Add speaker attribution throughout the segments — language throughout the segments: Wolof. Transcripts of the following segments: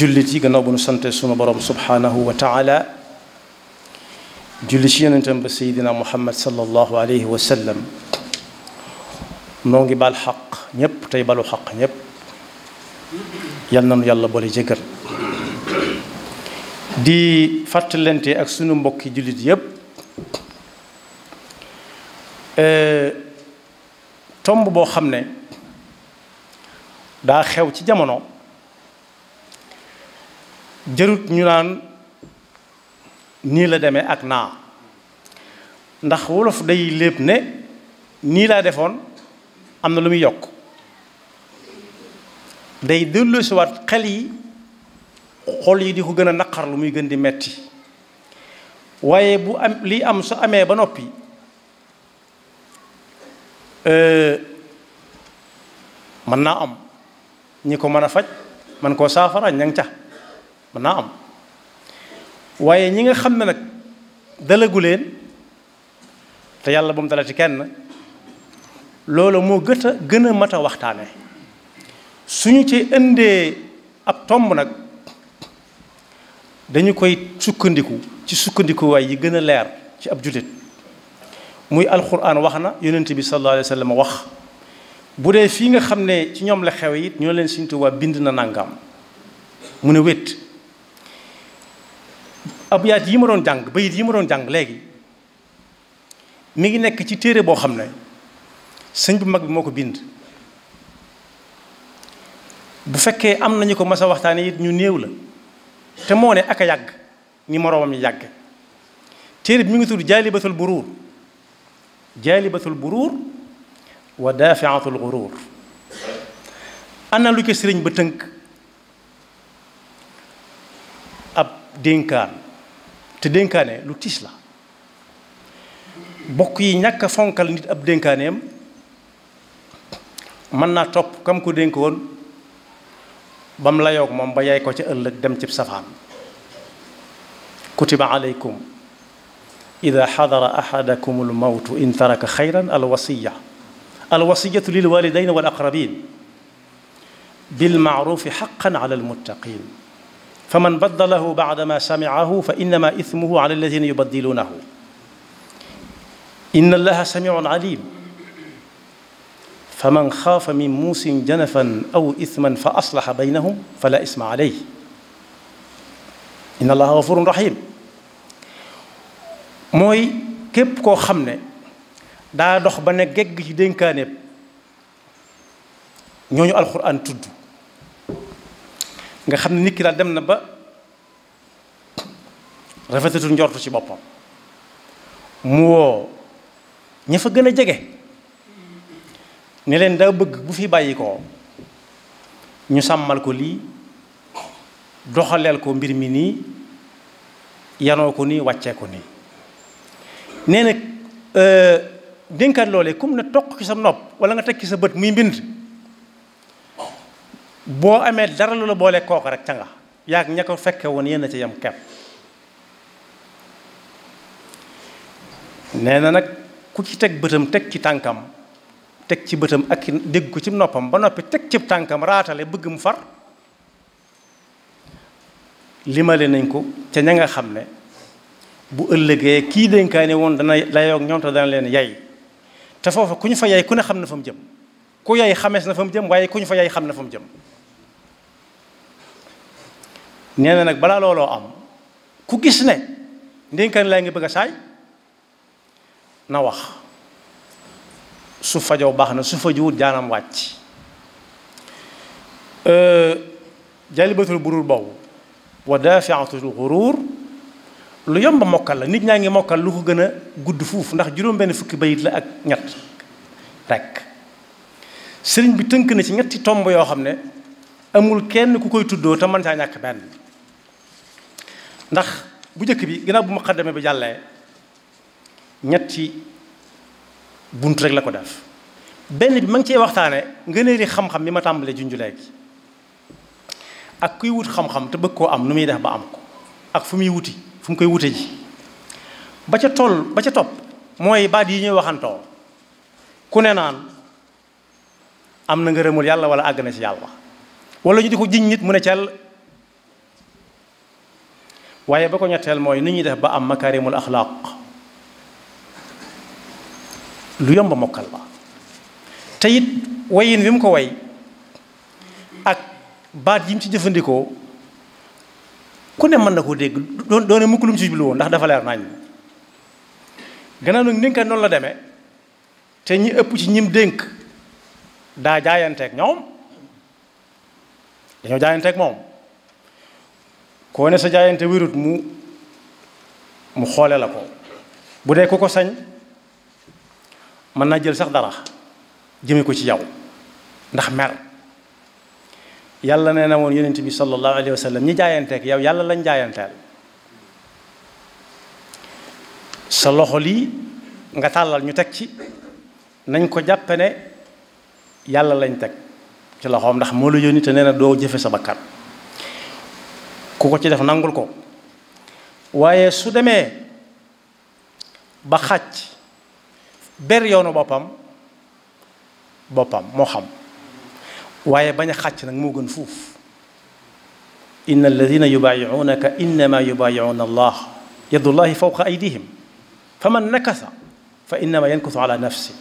Speaker 1: jullit yi gannaaw bu nu sante sunu borom subhaanahu wa taala julli ci yonentam ba seydina muhammad sallallahu alayhi wa sallam ngi baal xaq ñépp tey balu xaq ñépp yal nu yàlla boole jëggal di fàttalante ak sunu mbokki jullit yépp e, tomb boo xam ne daa xew ci jamono jërut ñu naan nii la demee ak naa ndax wolof day lépp ne nii laa defoon am na lu muy yokk day delloosiwaat xel yi xol yi di ko gën a naqar lu muy gën di metti waaye bu am li am su amee ba noppi euh, mën naa am ñi ko mën a faj man koo saafara ña ca naa am waaye ñi nga xam ne nag dalagu leen te yàlla ba mu dalati kenn loolu moo gët a gën a mat a waxtaane suñu ci indee ab tomb nag dañu koy sukkandiku ci sukkandikuwaay yi gën a leer ci ab jullit muy alxuraan wax na yonent bi sallallahu alayhi wa sallam wax bu dee fii nga xam ne ci ñoom la xew it ñoo leen Sëriñ bind na nangam mu ne wét ab yaat yi ma doon jàng bayit yi ma doon jàng léegi mi ngi nekk ci téere boo xam ne sëñ bu mag bi moo ko bind bu fekkee am nañu ko mas a it ñu néew la te moo ne ak a yàgg ni moroomam yi yàgg téere bi mi ngi tudd jaalibatul buruur jaalibatul buruur wa daafiatul guruur ana lu ko sëriñ ba tënk ab dénkaan te dénkaane lu tiis la bokk yi ñàkk a fonkal nit ab dénkaaneem mën naa topp kam ko dénk ba mu layoog moom ba yay ko ci ëllëg dem cib safaan kutiba aleykum ida xadara axadakum almawtu in taraka xayran alwasiya alwasiyatu lilwalidayn wal aqrabin bilmaarufi xaqan ala almuttaqin faman baddalahu baadama samicahu fa innama ismuhu ala alladina yubaddilunahu inna allaha samiun alim fa man xaafa min muusin janafan aw isman fa aslaxa baynahum fala isma aley inna allaha gafurun rahim mooy képp koo xam ne daa dox ba ne gegg ci dénkaaneeb ñooñu alxuraan tudd nga xam ne nit ki daal dem na ba rafetatul njortu ci boppam mu woo ña fa gën a jege ne leen daa bëgg bu fi bàyyi ko ñu sàmmal ko lii doxaleel ko mbir mi nii yanoo ko nii wàccee ko nii nee nag euh, dénkaat loolee comme ne toq ci sa nopp wala nga teg ci sa bët muy mbind boo amee dara lu la boole kooka rek ca nga yaag ña ko fekke woon yéen a ci yem kepp nee na nag ku ci teg bëtam teg ci tànkam teg ci bëtam ak dégg ko ci noppam ba noppi teg ci tànkam raatale bëgg mu far limale nañ ko ca ña nga xam ne bu ëllëgee kii dénkaane woon dana layoog ñoom te dana leen yay te foofa ku ñu fa yay ku ne xam na fa mu jëm ku yay xamees na fa mu jëm waaye ku ñu fa yay xam na fa mu jëm nee nag balaa looloo am ku gis ne ndénkaan lay ngi bëgg a saay na wax su fajoo baax na su fajuwut jaanam wàcc euh, jalibatul burur boobu wa daafiatul xuruur lu yomb mokkal la nit ñaa ngi mokkal lu ko gën a gudd fuuf ndax juróom-benn fukki bayit la ak ñett rek sëriñ bi tënk na ci ñetti tomb yoo xam ne amul kenn ku koy tuddoo te mën caa ñàkk benn ndax bu njëkk bi ginnaaw bu muqaddame bi jàllee ñetti bunt rek la ko def benn bi ma ngi cee waxtaane ngëneeli xam-xam bi ma tàmbalee junj léegi ak kuy wut xam-xam te bëgg koo am nu muy def ba am ko ak fu muy wuti fu mu koy wute ji ba ca tool ba ca topp mooy baat yi ñuy waxantoo ku ne naan am na ngërëmul yàlla wala àgg na ci yàlla wala ñu di ko jiñ nit mu ne cel waaye ba ko ñetteel mooy nu ñuy def ba am makaarimul axlaaq lu yomb mokkal la te it wayin wi mu ko woy ak baat yi mu ci jëfandikoo ku ne mën na koo dégg doon doone mukk lu ci jublu ndax dafa leer nañ gannaaw nag ni nga noonu la deme te ñi ëpp ci ñim dénk daa jaayanteeg ñoom dañoo jaayanteeg moom koo ne sa jaayante wérut mu mu xoole la ko bu dee ku ko sañ mën naa jël sax dara jëme ko ci yow ndax mer yàlla nee na woon yonent bi sallallahu alayhi wa sallam ñi jaayanteeg yow yàlla lañ jaayanteel sa loxo lii nga tàllal ñu teg ci nañ ko jàppe yàlla lañ teg ci loxoom ndax moo la yónni te nee na doo jëfe sa bakkat ku ko ci def nangul ko waaye su demee ba xàcc ber yoonu boppam boppam moo xam waaye bañ a xàcc nag moo gën fuuf inna alladina yubaayicuunaka innama yubaayicuuna allah yadullahi fawqa aydihim fa man nakasa fa innama yankusu ala nafsi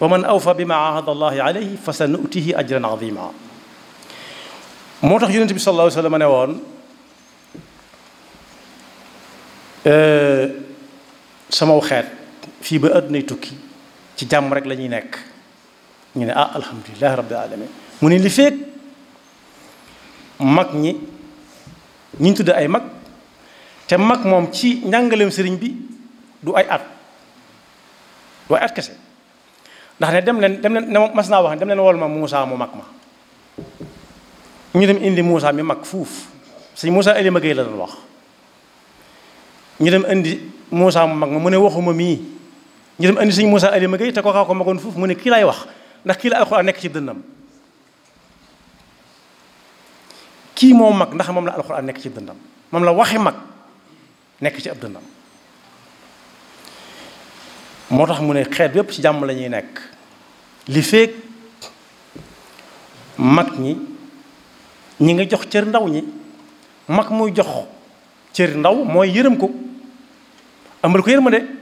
Speaker 1: wa man awfa bima ahada allahi alayhi fa sa nutihi ajran azima moo tax yonente bi sallallahu alayhi wa sallam ne woon euh, samaw xeet fii ba àddunay tukki ci jàmm rek la ñuy nekk ñu ne ah alhamdulilah rabbil alamin mu ne li mag ñi ñi ñu tudd ay mag te mag moom ci njàngaleem sëriñ bi du ay at du ay at kese ndax ne dem leen dem leen ne mas naa wax ne dem leen wol ma Moussa mu mag ma ñu dem indi Moussa mi mag fuuf sëñ Moussa Elima Gueye la doon ñu dem indi Moussa mu mag ma mu ne waxuma mii ñu dem andi sëñ Moussa Alima Gueye te ko xaw ko magoon foofu mu ne kii laay wax ndax kii la alxuraan nekk ci dënnam kii moo mag ndax moom la alxuraan nekk ci dënnam moom la waxi mag nekk ci ab dënnam moo tax mu ne xeet yépp ci jàmm lañuy nekk li feeg mag ñi ñi nga jox cër ndaw ñi mag muy jox cër ndaw mooy yërëm ko amal ko yërmande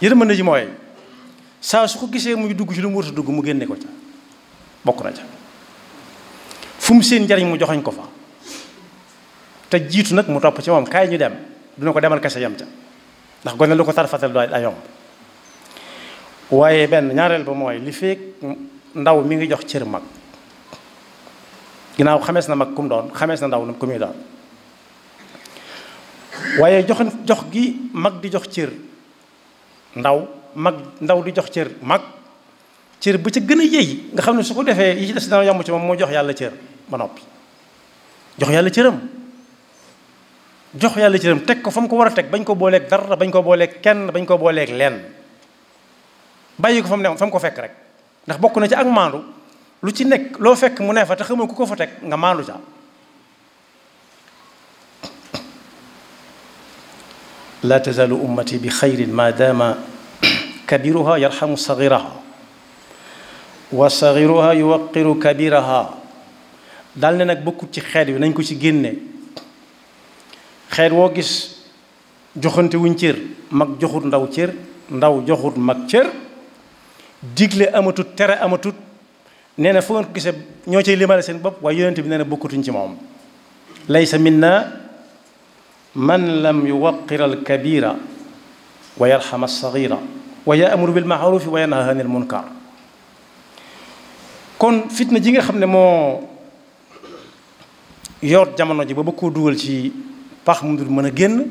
Speaker 1: yërmande ji mooy saa su ko gisee muy dugg ci lu mu war a dugg mu génne ko ca bokk na ca fu mu seen njariñ mu joxañ ko fa te jiitu nag mu topp ci moom kaay ñu dem duna ko demal kese yam ca ndax gone lu ko tarfatal do ay yomb waaye benn ñaareel ba mooy li feek ndaw mi ngi jox cër mag ginnaaw xamees na mag kum doon xamees na ndaw ku muy doon waaye jox jox gi mag di jox cër ndaw mag ndaw di jox cër mag cër bu ca gën a yéy nga xam ne su ko defee yi ci des dana yomb ci moom moo jox yàlla cër ba noppi jox yàlla cëram jox yàlla cëram teg ko fa mu ko war a teg bañ ko booleeg dara bañ ko booleek kenn bañ ko booleek lenn bàyyi ko fa mu ne fa mu ko fekk rek ndax bokk na ci ak maandu lu ci nekk loo fekk mu nee fa te xamul ku ko fa teg nga maandu ca laa tazaalu ummati bi xayrin ma daama kabiruha yarxamu sagiraha wa sagiruha yuwaqiru kabiraha dal ne nag bokkut ci xeet wi nañ ko ci génne xeet woo gis joxante wuñ mag joxut ndaw cër ndaw joxut mag cër digle amatut tere amatut nee na fu ngeen ko ñoo cay limale seen bopp waaye yonent bi nee na bokkutuñ ci moom laysa minna man lam yuwaqir alkabira wa yarxam alsagira wa yaamuru bilmaarufi wa yanha anil kon fitna ji nga xam ne moo yor jamono ji ba ba koo dugal ci pax mu dul mën a génn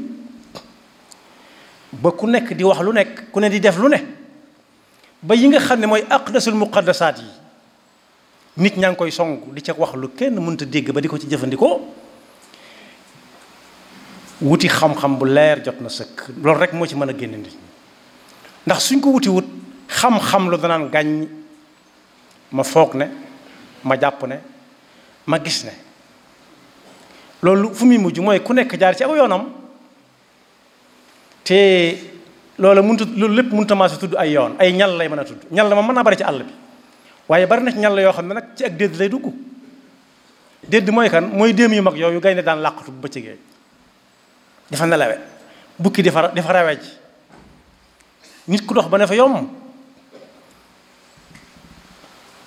Speaker 1: ba ku nekk di wax lu nekk ku ne di def lu ne ba yi nga xam ne mooy aqdasul muqaddasaat yi nit ñaa ngi koy sonk di ca wax lu kenn mënta dégg ba di ko ci jëfandikoo wuti xam-xam bu leer jot na sëkk loolu rek moo ci mën a génn nit ndax suñ ko wuti wut xam-xam lu danaan gàññ ma foog ne ma jàpp ne ma gis ne loolu fu muy mujj mooy ku nekk jaar ci aw yoonam te loola mënut loolu lépp mënut a maas tudd ay yoon ay ñal lay mën a tudd ñal la ma mën a bari ci àll bi waaye bari na ci ñal la yoo xam ne nag ci ak dédd lay dugg dédd mooy kan mooy déem yu mag yooyu gaynde daan làqatu bu bëccëgee dafa nelawe bukki dafa dafa raweej nit ku dox ba ne fa yomb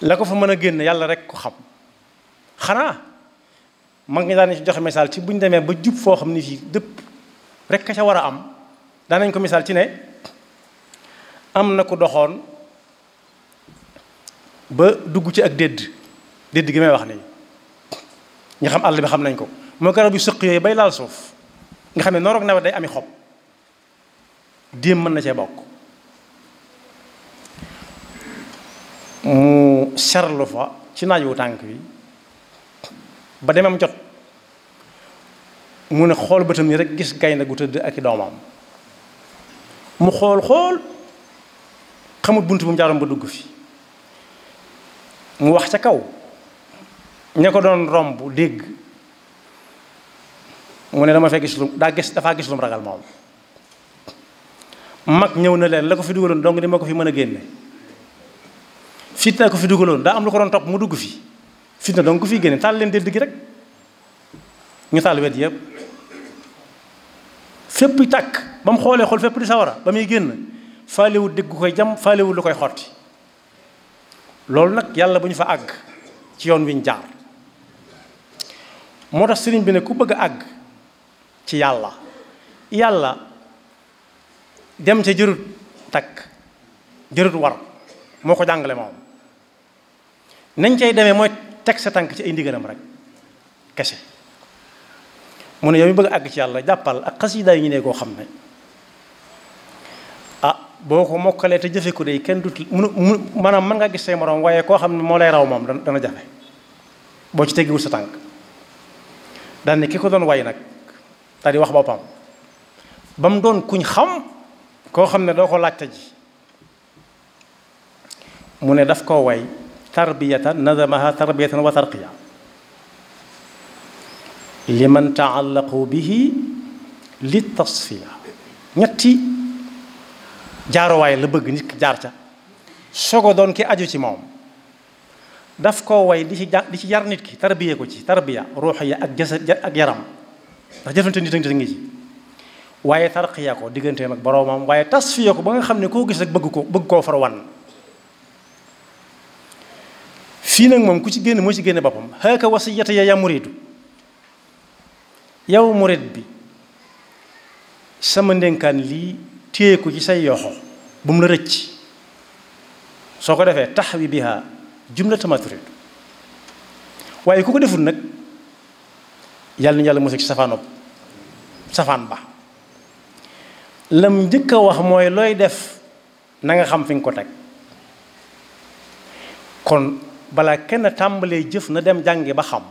Speaker 1: la ko fa mën a génn yàlla rek ko xam xanaa mag ñi daan ci joxe misaal ci bu ñu demee ba jub foo xam ni fii dëpp rek ka ca war a am daanañ ko misaal ci ne am na ko doxoon ba dugg ci ak dédd dédd gi may wax nii ñu xam àll bi xam nañ ko mooy garab yu sëq yooyu bay laal soof nga xam ne noor ak nawet day ami xob déem mën na cee bokk mu serlu fa ci naaj wu tànk bi ba demam jot mu ne xool bëtam ni rek gis gaynde gu tëdd ak doomam mu xool xool xamut bunt bu mu jaaroon ba dugg fi mu wax ca kaw ña ko doon romb dégg mu ne dama fee gis lu daa gis dafaa gis lu mu ragal moom mag ñëw na leen la ko fi dugaloon donc ni ma ko fi mën a génne fitna ko fi dugaloon daa am lu ko doon topp mu dugg fi fitna donc ku fi génne taal leen dëdd gi rek ñu taal wet yépp fépp tàkk ba mu xoolee xool fépp di sawara ba muy génn faalewul dégg koy jam faalewul lu koy xotti loolu nag yàlla bu ñu fa àgg ci yoon wi ñu jaar moo tax sëriñ bi ne ku bëgg àgg ci yàlla yàlla dem sa jërut takk jërut war moo ko jàngale moom nañ cay demee mooy teg sa tànk ci ay ndigalam rek kese mu ne yow mi bëgg àgg ci yàlla jàppal ak xasida yi ñu ne koo xam ne ah boo ko mokkalee te jëfe ko day kenn dut munu munu maanaam mën nga gis say moroom waaye koo xam ne moo lay raw moom dana jafe boo ci teggiwul sa tànk daan ki ko doon way nag te di wax boppam ba mu doon kuñ xam koo xam ne doo ko laajte ji mu ne daf koo way tarbiyatan nadamaha tarbiyatan wa tarqiya liman taallaqu bihi li tasfiya ñetti jaaruwaay la bëgg nit ki jaar ca sogo doon ki aju ci moom daf koo way di ci di ci yar nit ki tarbiye ko ci tarbiya ruuxiya ak jasad ak yaram ndax jëfante nit ak nit a ngi ci waaye tarqiya ko digganteem ak boroomam waaye tas tasfiya ko ba nga xam ne koo gis rek bëgg ko bëgg koo far wan fii nag moom ku ci génn moo ci génne boppam xaaka wasiyata ya ya muridu yow murid bi sama ndénkaan lii téye ko ci say yoxo bu mu la rëcc soo ko defee taxawi bi jumlata ma turid waaye ku ko deful nag yàlla na yàlla mos ci safaan safaan ba lam njëkk a wax mooy looy def nanga xam fi nga ko teg kon balaa kenn tàmbalee jëf na dem jàngi ba xam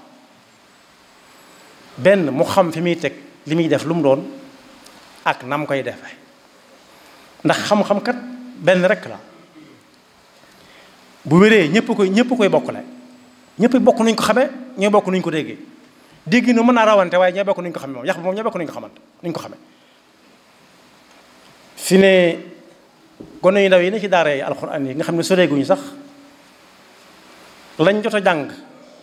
Speaker 1: benn mu xam fi muy teg li muy def lu mu doon ak nam koy defe ndax xam-xam kat benn rek la bu wéree ñëpp koy ñëpp koy bokkule ñëpp bokk nuñ ko xamee ñoo bokk nuñ ko dégge dégg na mën naa rawante waaye ñoo bokk nañu ko xame moom yax bi moom ñoo bokk nañu ko xamante nañu ko xame fi ne gone yu ndaw yi ne ci daara yi alxuraan yi nga xam ne ñu sax lañ jot a jàng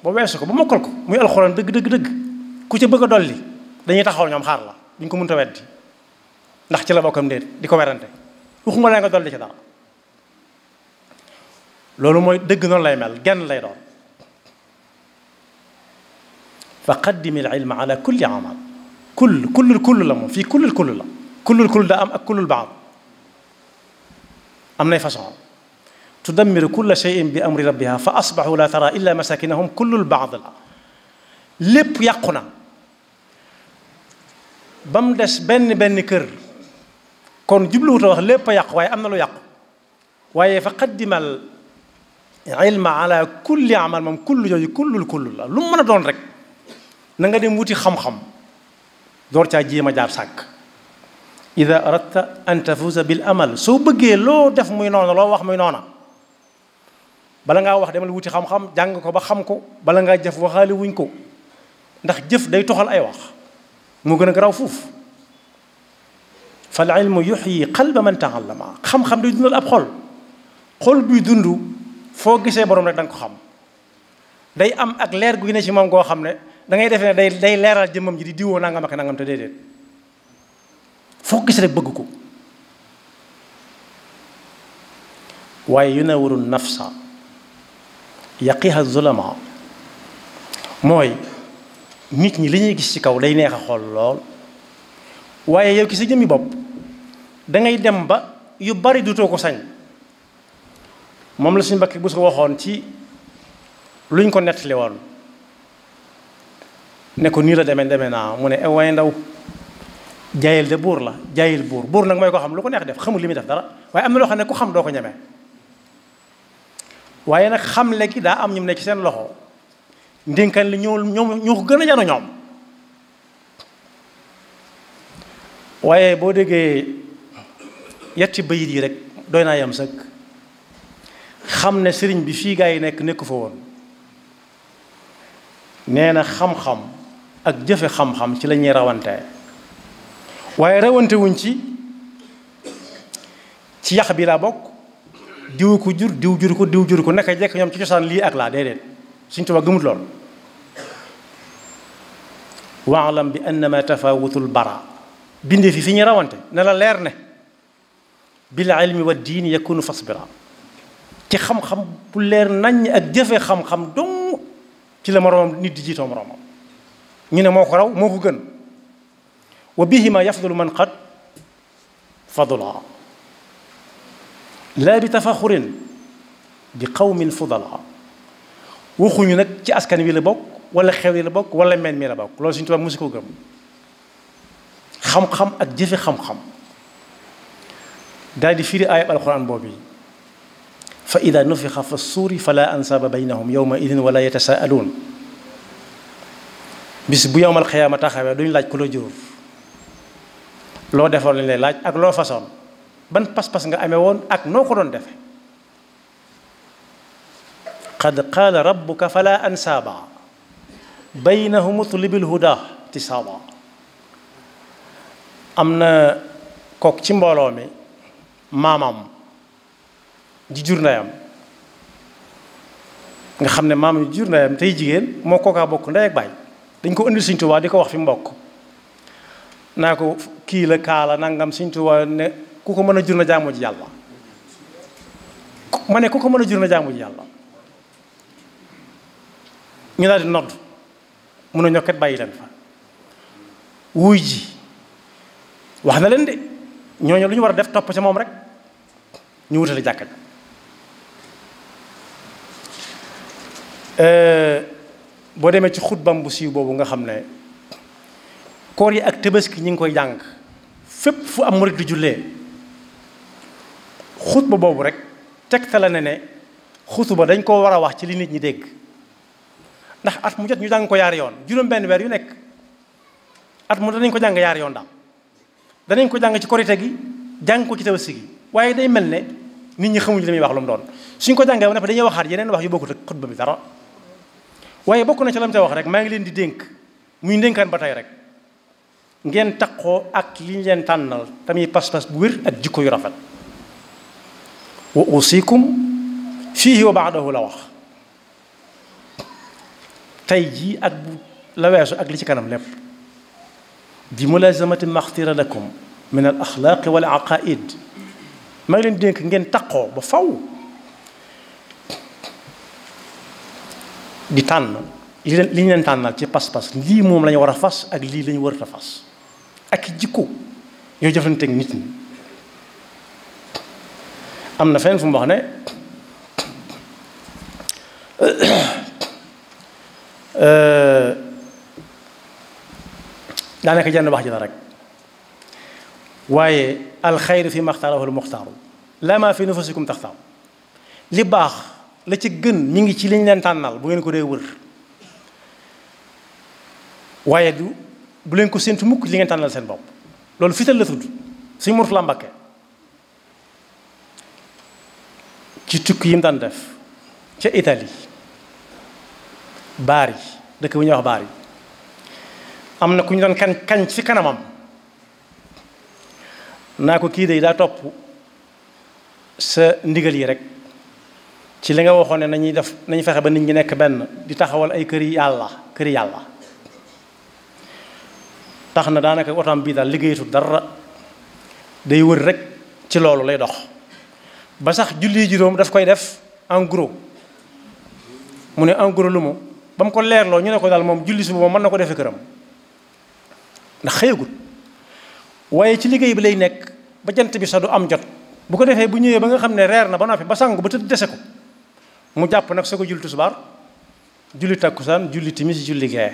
Speaker 1: ba weesu ko ba mokkal ko muy alxuraan dëgg dëgg dëgg ku ci bëgg a dolli dañuy taxaw ñoom xaar la duñ ko mënta weddi ndax ci la bokkam déet di ko werante waxuma la nga dolli ci dara loolu mooy dëgg noonu lay mel genn lay doon fa qaddim il ilma ala kulli amal kull kullul kull la moom fii kullul kull la kullul kull da am ak kullul baam am nay façon tudammiru kulla cheyin bi amri rabbiha fa asbaxu la tara illa masakinahum kullul baad la lépp yàqu na ba mu des benn benn kër kon jubluwut a wax lépp a yàqu waaye am na lu yàqu waaye fa qaddimal ilma ala kulli amal moom kull yooyu kullul kull la lu mu mën a doon rek na nga dem wuti xam-xam door caa jéem a jaar sàkk ida aradta an tafuusa bil amal soo bëggee loo def muy noona loo wax muy noona bala ngaa wax demal wuti xam-xam jàng ko ba xam ko bala ngaa jëf waxaale wuñ ko ndax jëf day toxal ay wax moo gën a garaaw fuuf fal ilmu yuxyi qalba man taallama xam-xam day dundal ab xol xol buy dund foo gisee boroom rek da ko xam day am ak leer gu ne ci moom goo xam ne da ngay defee ne day day leeral jëmmam ji di diwoo nangam ak nangam te déedéet foo gis rek bëgg ko waaye na yunawiru nafsa yaqiha zulama mooy nit ñi li ñuy gis ci kaw day neex a xool lool waaye yow ki sa jëmmi bopp da ngay dem ba yu bari dutoo ko sañ moom la suñ mbakkee bu su waxoon ci luñ ko nettali woon nekku nii la demee demee naa mu ne eh, waaye ndaw jaayil de buur la jaayil buur buur nag mooy ko xam lu ko neex def xamul li muy def dara waaye am na loo xam ne ku xam doo ko ñeme waaye nag xam léegi daa am ñum ne ci seen loxo ndénkaan li ñoo ñoom ñoo gën a jano waaye boo déggee yetti bayit yi rek doy naa yam sëkk xam ne sëriñ bi fii gaa yi nekk nekku fa woon nee na xam-xam ak jëfe xam-xam ci lañuy ñuy rawantee waaye rawantewuñ ci ci yàq bi laa bokk diw ko jur diw juru ko diw jur ko naka jekk ñoom ci cosaan lii ak laa déedéet suñ tubaab gëmut lool waalam bi annama tafawutul bara bindee fi fi ñu rawante ne la leer ne bil ilmi wa diin yakunu fasbira ci xam-xam bu leer naññ ak jëfe xam-xam dong ci la moroomam nit di jiitoo moroomam ñu ne moo ko raw moo ko gën wa bihima yafdulu man qad fadula laa bi tafaxurin bi qawmin fudala waxuñu nag ci askan wi la bokk wala xew yi la bokk wala meen mi la bokk loolu suñu tubaab mosu ko gëm xam-xam ak jëfe xam-xam daal di firi ayab alquran boobu yi fa ida nufixa fa suuri fala ansaaba baynahum yowma wala yatasaaluun bis bu yowmal xiyaama taxawee duñu laaj ku la jur loo defoon la lay laaj ak loo façon ban pas-pas nga amee woon ak noo ko doon defe qad qaala rabbuka fala ansaaba baynahum utlibil huda tisaaba am na kook ci mbooloo mi maamam ji jur ndeyam nga xam ne maamam ji jur ndeyam tey jigéen moo kookaa bokk ndey ak baay dañ ko ëndil Sëñ Tuubaa di ko wax fi mbokk naa ko kii la kaala nangam Sëñ Tuubaa ne ku ko mën a jur na jaamu ji yàlla ma ne ku ko mën a jur na jaamu ji yàlla ñu daal di nodd mun a ñokket bàyyi leen fa wuy ji wax na leen de ñooñu lu ñu war a def topp ca moom rek ñu wutale jàkka euh, boo demee ci xutbam bu siiw boobu nga xam ne koor yi ak tabaski ñu ngi koy jàng fépp fu am murit di jullee xutba boobu rek tegtale na ne xutba dañ koo war a wax ci li nit ñi dégg ndax at mu jot ñu jàng ko yaar yoon juróom benn weer yu nekk at mu danañ ko jàng yaar yoon daal danañ ko jàng ci korite gi jàng ko ci tabaski waaye day mel ne nit ñi xamuñu li muy wax lu mu doon suñ ko jàngee ba noppi dañuy waxaat yeneen wax yu bokkut ak xutba bi dara waaye bokk na ca la mu te wax rek maa ngi leen di dénk muy ndénkaan ba tey rek ngeen taqoo ak li leen tànnal tamit pas-pas bu wér ak jikko yu rafet wa usikum fiihi wa baadahu la wax tey ji ak bu la weesu ak li ci kanam lépp bi mulazamati maxtira lakum min al axlaaqi wal aqaid maa ngi leen di dénk ngeen taqoo ba faw di tànn li leen li ñu leen tànnal ci pas-pas lii moom la war a fas ak lii la ñu warut a fas ak jikko yoo jëflanteeg nit am na fenn fu mu wax ne euh, daanaka jenn wax ji la rek waaye alxayru fi maxtaarahu almuxtaaru laa maa fi nufusikum taxtaaru li baax la ci gën ñu ngi ci liñ leen tànnal bu ngeen ko dee wër waaye du bu leen ko séntu mukk li ngeen tànnal seen bopp loolu fital la tudd suñu Murtala Mbàkke ci tukki yi mu daan def ca Italie Bari dëkk bu ñuy wax Bari am na ku ñu doon kañ kañ ci kanamam naa ko kii de daa topp sa ndigal yi rek ci li nga waxoon ne nañuy def nañu fexe ba nit ñi nekk benn di taxawal ay kër yi yàlla kër yàlla tax na daanaka otam bii daal liggéeyatul dara day wër rek ci loolu lay dox ba sax julli juróom daf koy def en mu ne en lu mu ba mu ko leerloo ñu ne ko daal moom julli suba moom mën na ko defee këram ndax xëyagut waaye ci liggéey bi lay nekk ba jant bi sax du am jot bu ko defee bu ñëwee ba nga xam ne reer na ba noppi ba sangu ba tëdd dese ko mu jàpp nag soo ko julli tisbaar julli takkusaan julli timis julli gee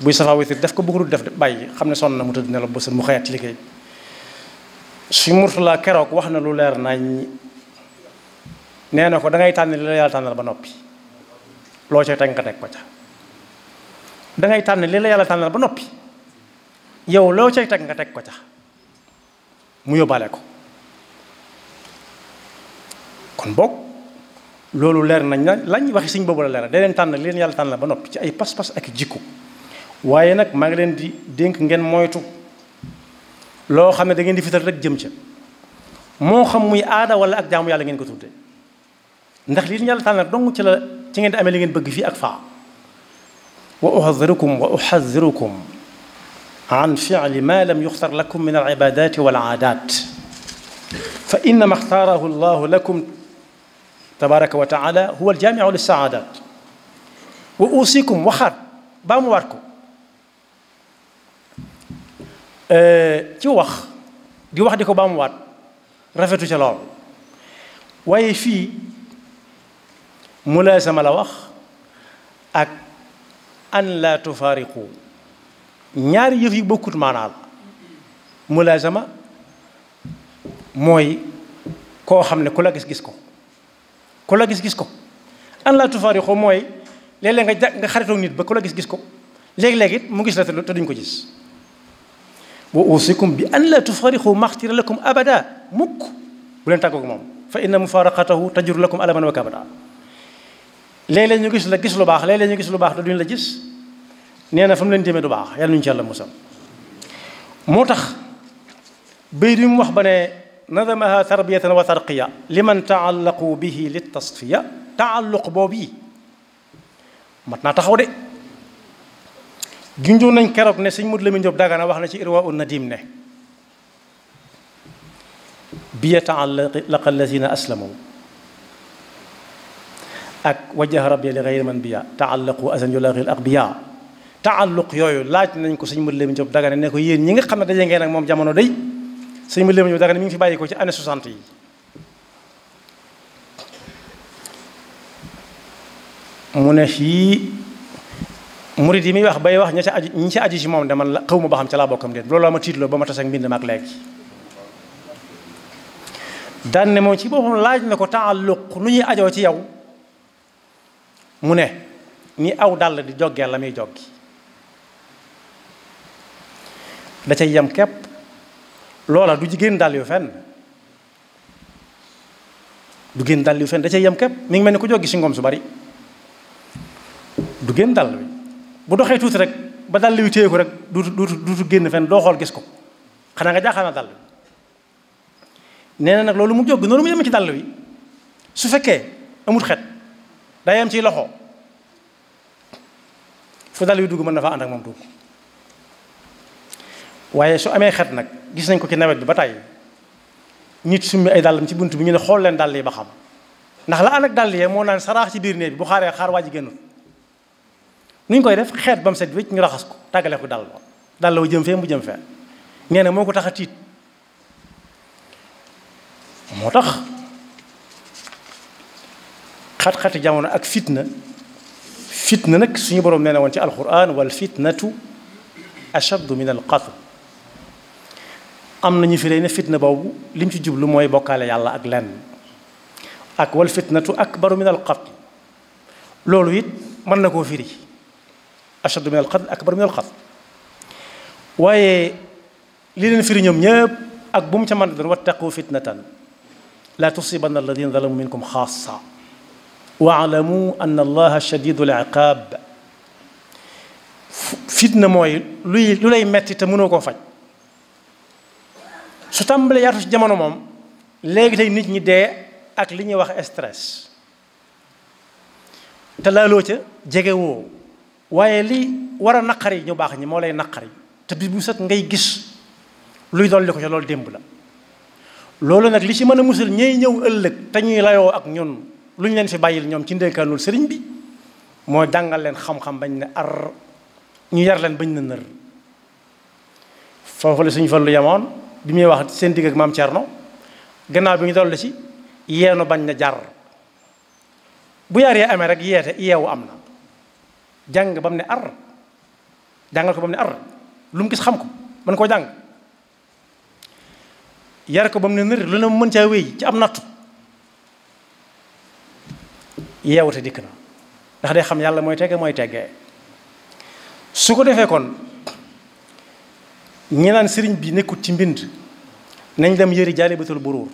Speaker 1: buy safa witir def ko bëggul def bàyyi xam ne sonn na mu tëdd nelaw ba mu xëyaat ci liggéey su murtala keroog wax na lu leer nañ nee na ko dangay tànn li la yàlla tànnal ba noppi loo cay teg nga teg ko ca dangay tànn li la yàlla tànnal ba noppi yow loo cay teg nga teg ko ca mu yóbbaale ko kon boog loolu leer nañ la lañ waxi sëñ boobu la leer da leen tànn leen yàlla tànn la ba noppi ci ay pas-pas ak jikko waaye nag maa ngi leen di dénk ngeen moytu loo xam ne da di fital rek jëm ca moo xam muy aada wala ak jaamu yàlla ngeen ko tudde ndax li yàlla tànn dong ci la ci ngeen di amee li ngeen bëgg fii ak faa wa uhadirukum wa uhadirukum an fi'li ma lam yuxtar lakum min al ibadat wal aadat fa innama xtaarahu llahu lakum tabaraka wa taala huwa aljaamiu li saadat wa uusikum waxaat baa mu waat ko ci wax di wax di ko baa mu waat rafetu ca lool waaye fii mulaasama la wax ak an laa tufaariqu ñaari yëf yi bokkut maanaa la mulaasama mooy koo xam ne ku la gis-gis ko ku la gis-gis ko an laa tufaariqu mooy léeg-léeg nga ja nga xaritoog nit ba ko la gis-gis ko léegi-léegi mu gis la te duñ ko gis wa usikum bi an laa tufaariqu maxtira lakum abada mukk bu leen ko moom fa inna mufaraqatahu tajur lakum alaman wa kabada léeg-léeg ñu gis la gis lu baax léeg-léeg ñu gis lu baax te duñ la gis nee na fa mu leen jëmee du baax yàlla ñu ci yàlla musal moo tax bay bi mu wax ba ne nadamaha tarbiyatan wa tarqiya liman taallaqu bihi litasfiya taalluq boobu yi mat naa taxaw de junjoon nañ keroog ne sëñ Modou Lamine Diop Dagana wax na ci irwa un nadim ne bi yataallaqa allazina aslamu ak wajjaha rabbi li gayri man biya taallaqu asan yulaaqi al aqbiya yooyu laaj nañ ko sëñ Modou Lamine Diop Dagana ne ko yéen ñi nga xam ne daje ngeen ak moom jamono day sëñ bi léegi dara mi ngi fi bàyyi ko ci année 60 yi. mu ne fii murid yi muy wax bay wax ña ca aju ñi ca aju si moom dama la xaw ma ba xam ca laa bokkam déet looloo ma tiitloo ba ma tas ak mbind ma ak léegi. daan ne moom ci boppam laaj na ko taalluq nu ñuy ajoo ci yow mu ne ni aw dàll di joggee la muy joggi da cay yem képp. loola du jigéen dàll yu fenn du génn dal yu fenn da cay yem képp mi ngi mel ni ku joggi si ngoom su bari du génn dal bu doxee tuuti rek ba dal yu téye ko rek du du du génn fenn doo xool gis ko xanaa nga jaaxal na dal nee nag loolu mu jogg noonu mu yem ci dal wi su fekkee amut xet day yem ci loxo fu dal yu dugg mën na faa ànd ak moom dugg waaye su amee xet nag gis nañ ko ci nawet bi ba tàyyi nit summi ay dàllam ci bunt bi ñu ne xool leen dàll yi ba xam ndax la ànd dàll yee moo naan saraax ci biir néeg bi bu xaaree xaar waa ji génnul nu ñu koy def xeet ba mu set wécc ñu raxas ko tàggalee ko dàll ba dàll wa jëm fee mu jëm fee nee moo ko tax a tiit moo tax xat-xati jamono ak fitna fitna nag suñu borom nee na woon ci alquran wal fitnatu ashaddu min al qatl am nañu fi ne fitna boobu li mu ci jublu mooy bokkaale yàlla ak lenn ak wal fitnatu akbaru min alqatl loolu it mën na koo firi ashaddu min alqatl akbaru min alqatl waaye li leen firi ñoom ñëpp ak bu mu ca mën doon wattaqu fitnatan la tusibanna alladina minkum xaasa waalamu an allaha shadidul iqaab fitna mooy luy lu lay metti te mënoo koo faj su tàmbalee yaatu ci jamono moom léegi tey nit ñi dee ak li ñuy wax stress te laaloo ca jege woo waaye li war a naqari ñu baax ñi moo lay naqari te bis bu set ngay gis luy dolli ko ca loolu démb la loolu nag li ci mën a musal ñey ñëw ëllëg te ñuy layoo ak ñun lu ñu leen fi bàyyil ñoom ci ndénkaanul sëriñ bi moo jàngal leen xam-xam bañ ne ar ñu yar leen bañ na nër foofu la suñu fa lu yemoon bi muy wax seen digg ak maam Thierno gannaaw bi ñu dolli ci yeenu bañ na jar bu yar yee amee rek yeete yeewu am na jàng bam ne ar jàngal ko ba ne ar lu mu gis xam ko mën koo jàng yar ko bam ne nër lu ne mu mën caa wéy ci am nattu yeewute dikk na ndax day xam yàlla mooy tegge mooy teggee su ko defee kon ñi naan sëriñ bi nekkut ci mbind nañ dem yëri jaalibatul buruur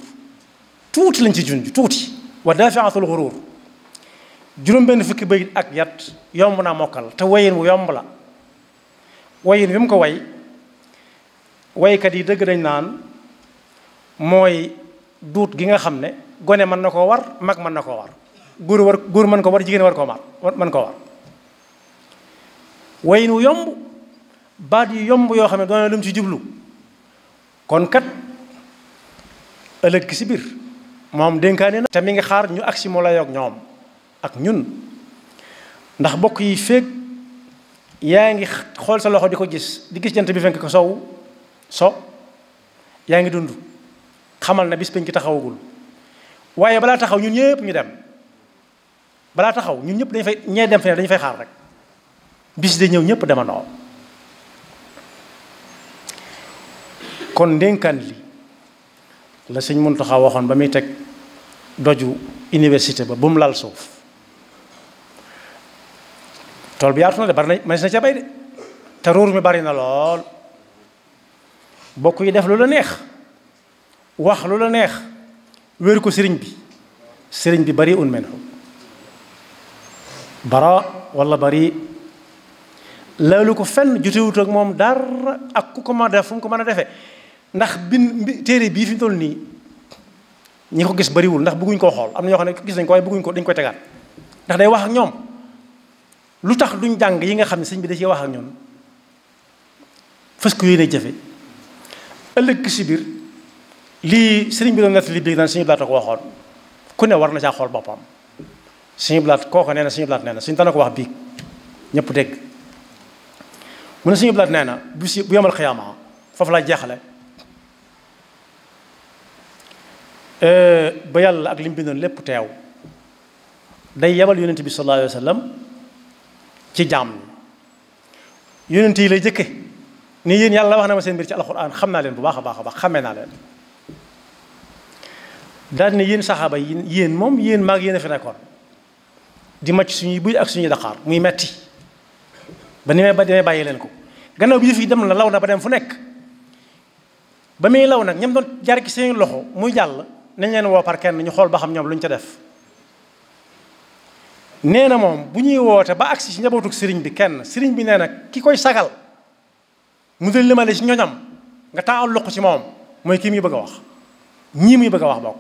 Speaker 1: tuuti lañ ci junj tuuti wa daafiatul xuruur juróom-benn fukki bayit ak yat yomb naa mokkal te wayin wu yomb la wayin ko way waykat yi dëgg dañ naan mooy duut gi nga xam ne gone mën na koo war mag mën na koo war góor war góor mën ko war jigéen war koo mar mën koo war wu yomb baat yu yomb yoo xam ne doona lu mu ci jublu kon kat ëllëg ki si biir moom dénkaane na te mi ngi xaar ñu agsi moo la yoog ñoom ak ñun ndax bokk yi feeg yaa ngi xool sa loxo di ko gis di gis jant bi fenk ko sow so yaa ngi dund xamal na bis bañ ci taxawagul waaye balaa taxaw ñun ñëpp ñu dem balaa taxaw ñun ñëpp dañu fay ñee dem feneen dañ fay xaar rek bis de ñëw ñëpp demandoo kon ndénkaan li la sëñ Muntaxa waxoon ba muy teg doju université ba bu mu lal suuf tool bi yaatu na de bari na na ca bay de te ruur mi bari na lool bokk yi def lu la neex wax lu la neex wéeru ko sëriñ bi sëriñ bi bari un menhu bara wala bari laalu ko fenn jutewut ak moom dara ak ku ko ma def fu mu ko mën a defe ndax bin téere bii fi mu toll nii ñi ko gis bariwul ndax bëgguñ koo xool am na ñoo xam ne gis nañ ko waaye bëgguñ ko dañ koy tegaat ndax day wax ak ñoom lu tax duñ jàng yi nga xam ne sëñ bi da wax ak ñoom fës ko jafe ëllëg si biir lii sëriñ bi doon li biig naan suñu blaat ko waxoon ku ne war na caa xool boppam suñu blaat kooku nee na suñu blaat nee na suñu ko wax biig ñëpp dégg mu ne suñu blaat nee na bu si bu yomal xiyaama foofu laa jeexale Euh, ba yàlla ak lim mu bindoon lépp teew day yebal yonent bi sallallahu alayhi ci jaam ni yonent lay jëkke ni yéen yàlla wax na ma seen mbir ci alxuraan xam naa leen bu baax a baax a baax xamee naa leen daal ne yéen saxaaba yi moom yéen maag yéen a fi nekkoon di màcc suñuy buy ak suñuy daqaar muy metti ba ni may ba demee bàyyi leen ko gannaaw bi yëf yi dem na law na ba dem fu nekk ba muy law nag ñam doon jaar ci seen loxo muy jàll nañ leen woo par kenn ñu xool ba xam ñoom lu ñu ca def nee na moom bu ñuy woote ba agsi ci njabootug sëriñ bi kenn sëriñ bi nee na ki koy sagal mu dal limale ci ñoñam nga taalluq ci moom mooy kii muy bëgg a wax ñii muy bëgg a wax bokk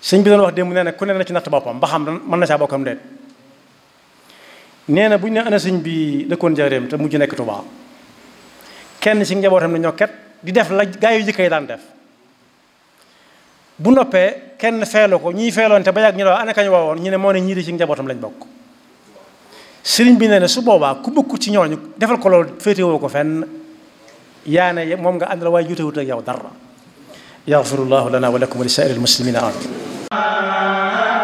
Speaker 1: sëñ bi doon wax démb nee na ku ne na ci natt boppam ba xam man na saa bokkam déet na bu ñu ne ana sëñ bi dëkkoon jareem te mujj nekk Tuubaa kenn ci njabootam ne ñoo ket di def la gaa yu jëkk yi daan def bu noppee kenn feelu ko ñiy feeloonte ba yàgg ñu ne ana kañ woowoon ñu ne moo ne ñii di ci njabootam lañ bokk sëriñ bi ne ne su boobaa ku bëkkut ci ñooñu defal ko loolu féetewoo ko fenn yaa ne moom nga àndal waaye jutewut ak yow dara yaxfirullahu lana wa lakum wa li saa'iril muslimina amin